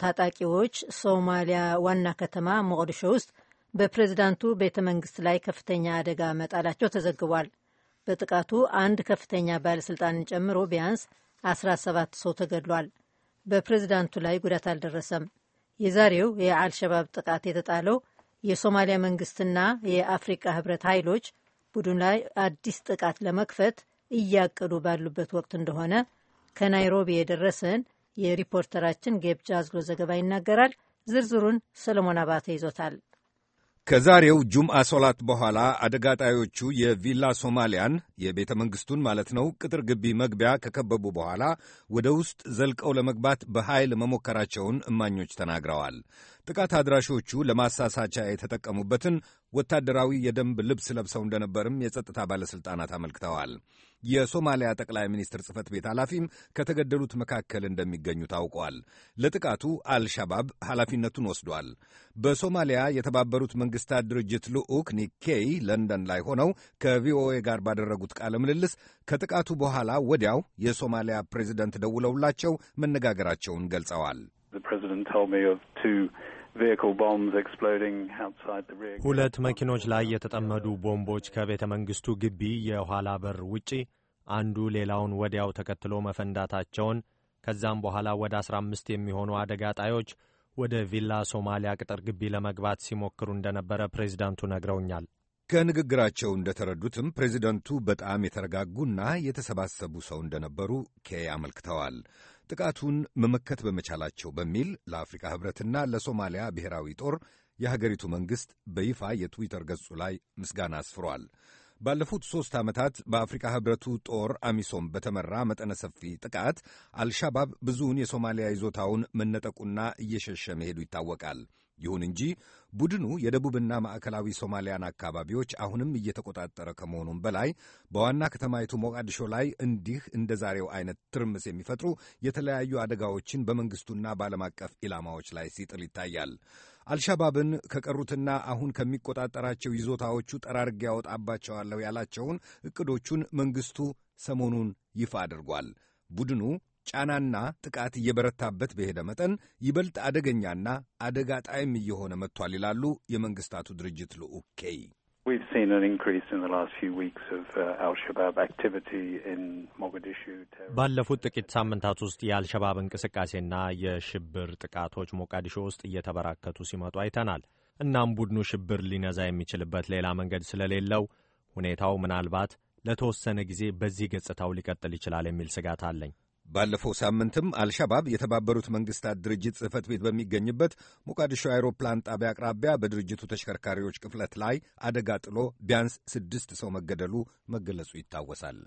ታጣቂዎች ሶማሊያ ዋና ከተማ ሞቃዲሾ ውስጥ በፕሬዝዳንቱ ቤተ መንግስት ላይ ከፍተኛ አደጋ መጣላቸው ተዘግቧል። በጥቃቱ አንድ ከፍተኛ ባለሥልጣንን ጨምሮ ቢያንስ 17 ሰው ተገድሏል። በፕሬዚዳንቱ ላይ ጉዳት አልደረሰም። የዛሬው የአልሸባብ ጥቃት የተጣለው የሶማሊያ መንግስትና የአፍሪቃ ህብረት ኃይሎች ቡድኑ ላይ አዲስ ጥቃት ለመክፈት እያቀዱ ባሉበት ወቅት እንደሆነ ከናይሮቢ የደረሰን የሪፖርተራችን ጌብጫ አዝሎ ዘገባ ይናገራል። ዝርዝሩን ሰለሞን አባተ ይዞታል። ከዛሬው ጁምአ ሶላት በኋላ አደጋ ጣዮቹ የቪላ ሶማሊያን የቤተ መንግሥቱን ማለት ነው ቅጥር ግቢ መግቢያ ከከበቡ በኋላ ወደ ውስጥ ዘልቀው ለመግባት በኃይል መሞከራቸውን እማኞች ተናግረዋል። ጥቃት አድራሾቹ ለማሳሳቻ የተጠቀሙበትን ወታደራዊ የደንብ ልብስ ለብሰው እንደነበርም የጸጥታ ባለሥልጣናት አመልክተዋል። የሶማሊያ ጠቅላይ ሚኒስትር ጽህፈት ቤት ኃላፊም ከተገደሉት መካከል እንደሚገኙ ታውቋል። ለጥቃቱ አልሻባብ ኃላፊነቱን ወስዷል። በሶማሊያ የተባበሩት መንግሥታት ድርጅት ልዑክ ኒኬይ ለንደን ላይ ሆነው ከቪኦኤ ጋር ባደረጉት ቃለ ምልልስ ከጥቃቱ በኋላ ወዲያው የሶማሊያ ፕሬዚደንት ደውለውላቸው መነጋገራቸውን ገልጸዋል። The president told me of two ሁለት መኪኖች ላይ የተጠመዱ ቦምቦች ከቤተ መንግሥቱ ግቢ የኋላ በር ውጪ አንዱ ሌላውን ወዲያው ተከትሎ መፈንዳታቸውን ከዛም በኋላ ወደ አስራ አምስት የሚሆኑ አደጋ ጣዮች ወደ ቪላ ሶማሊያ ቅጥር ግቢ ለመግባት ሲሞክሩ እንደነበረ ፕሬዚዳንቱ ነግረውኛል። ከንግግራቸው እንደተረዱትም ፕሬዚደንቱ በጣም የተረጋጉና የተሰባሰቡ ሰው እንደነበሩ ኬ አመልክተዋል። ጥቃቱን መመከት በመቻላቸው በሚል ለአፍሪካ ሕብረትና ለሶማሊያ ብሔራዊ ጦር የሀገሪቱ መንግሥት በይፋ የትዊተር ገጹ ላይ ምስጋና አስፍሯል። ባለፉት ሦስት ዓመታት በአፍሪካ ህብረቱ ጦር አሚሶም በተመራ መጠነ ሰፊ ጥቃት አልሻባብ ብዙውን የሶማሊያ ይዞታውን መነጠቁና እየሸሸ መሄዱ ይታወቃል። ይሁን እንጂ ቡድኑ የደቡብና ማዕከላዊ ሶማሊያን አካባቢዎች አሁንም እየተቆጣጠረ ከመሆኑም በላይ በዋና ከተማይቱ ሞቃዲሾ ላይ እንዲህ እንደ ዛሬው አይነት ትርምስ የሚፈጥሩ የተለያዩ አደጋዎችን በመንግስቱና በዓለም አቀፍ ኢላማዎች ላይ ሲጥል ይታያል። አልሻባብን ከቀሩትና አሁን ከሚቆጣጠራቸው ይዞታዎቹ ጠራርግ ያወጣባቸዋለሁ ያላቸውን እቅዶቹን መንግስቱ ሰሞኑን ይፋ አድርጓል። ቡድኑ ጫናና ጥቃት እየበረታበት በሄደ መጠን ይበልጥ አደገኛና አደጋ ጣይም እየሆነ መጥቷል ይላሉ የመንግስታቱ ድርጅት ልኡኬይ። uh, ባለፉት ጥቂት ሳምንታት ውስጥ የአልሸባብ እንቅስቃሴና የሽብር ጥቃቶች ሞቃዲሾ ውስጥ እየተበራከቱ ሲመጡ አይተናል። እናም ቡድኑ ሽብር ሊነዛ የሚችልበት ሌላ መንገድ ስለሌለው ሁኔታው ምናልባት ለተወሰነ ጊዜ በዚህ ገጽታው ሊቀጥል ይችላል የሚል ስጋት አለኝ። ባለፈው ሳምንትም አልሻባብ የተባበሩት መንግስታት ድርጅት ጽህፈት ቤት በሚገኝበት ሞቃዲሾ አይሮፕላን ጣቢያ አቅራቢያ በድርጅቱ ተሽከርካሪዎች ቅፍለት ላይ አደጋ ጥሎ ቢያንስ ስድስት ሰው መገደሉ መገለጹ ይታወሳል።